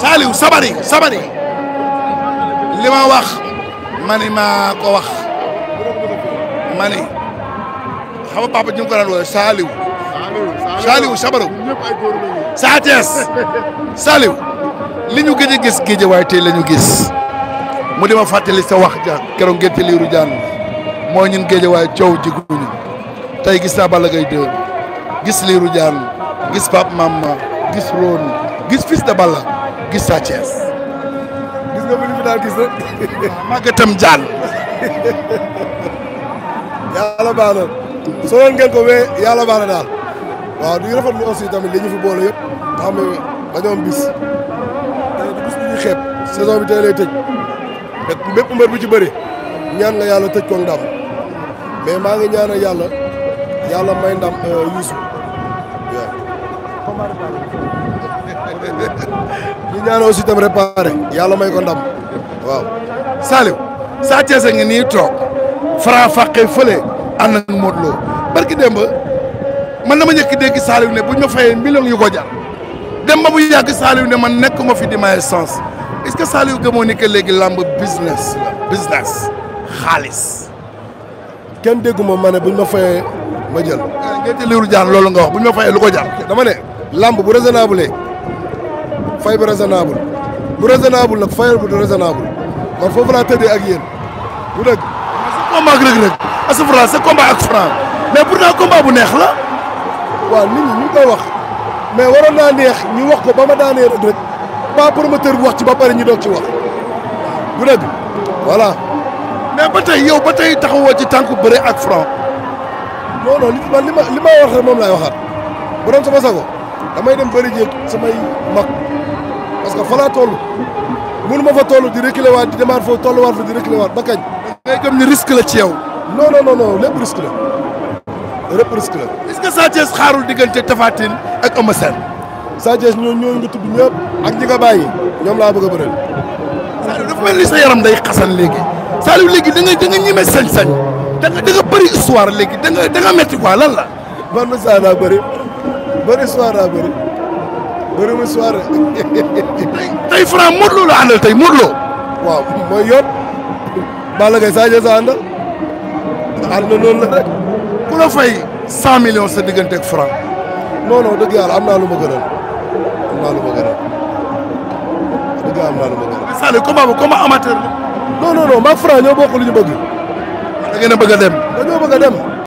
Saliou Sabari Sabari li ma wax ma ni maa ko wax ma ni xam nga papa ñu ngi ko daan woowe Saliou Saliou Sabari Sa gis géej waaye tey la gis mu dima fàttali sa wax ja keroog ngeen ci liiru jaan moo ñun géej coow jiguñu tey gis naa Balla Gaye 2 gis liiru jaan gis Pape Mama gis Rone gis fils de Balla gis Sa Thiès. gis nga bu ñu fi daal gis rek. màggatam jaan. yàlla baax na soo leen ngeen ko wee yàlla baax daal waaw di rafetlu aussi tamit li ñu fi boole yëpp nga xam ne dañoo am bis. tey bis bu bi tey lay tëj te bu ci bëri ñaan nga yàlla tëj ko ndam mais maa ngi ñaanal yàlla yàlla may ndam euh, Youssou. ñu ñaan aussi tam réparé yàlla may ko waaw Saliou Sa Thiès a ngi nii toog Franc fàqe fële ànd ak Modou Lo barki démb man dama njëkk dégg Saliou ne bu ñu ma fayee million yu ko jar dem ba ne man nekk ma fi di may sens est-ce que Saliou gëmoo ni que léegi làmb business la business xaalis kenn dégguma ma ne bu ñu ma fayee ma jël ngeen te lool jaan loolu nga wax bu ma fayee lu ko jar lamb bu raisonnable fay bu raisonnable bu raisonnable nag fayal bu raisonnable man foofu laa tëddee ak yéen bu dëgg. sa combat ak Reug Reug asafura sa combat ak Franc mais a combat bu neex la. waaw nit ñi ñu ngi koy wax mais waroon naa neex ñu wax ko ba ma daanee rek pas promoteur bu wax ci ba pare ñu doog ci wax bu dëgg voilà. mais ba tey yow ba tey taxawoo ci tànku bëre ak Franc. non li ma li ma wax rek moom lay waxaat bu doon sama sago. damay dem bëri jéeg samay mag parce que fa laa toll mënu ma fa toll di reculer waat di demaat foofu tolluwaat fa di reculer waat gëm ni risque la ci yow. non non non lépp risque la lépp risque la. Sa Thiès xaarul diggante Tapha Tine ak Eumeu Sène. Sa Thiès ñoo ñooñu ñëpp ak ñi nga bàyyi ñoom laa bëgg a bëreel. Saliou dafa mel yaram day xasan léegi Saliou léegi da nga da nga ñeme sañ bëri histoire léegi da nga da nga lan la. man na saa bëri soir laa bëri bëri mu soir rek. tey Franc Modou Lo la àndal tey Modou Lo. waaw mooy yoon. Balla Gaye Sadio sa àndal. ànd noonu la rek. ku la fay cent millions sa diggante ak Franc. non non dëgg yàlla am naa lu ma gënal am naa lu ma gënal dëgg yàlla am naa lu ma gënal. mais Salick combat Franc ñoo bokk lu ñu bëgg. da ngeen a bëgg a dem. dañoo bëgg a dem.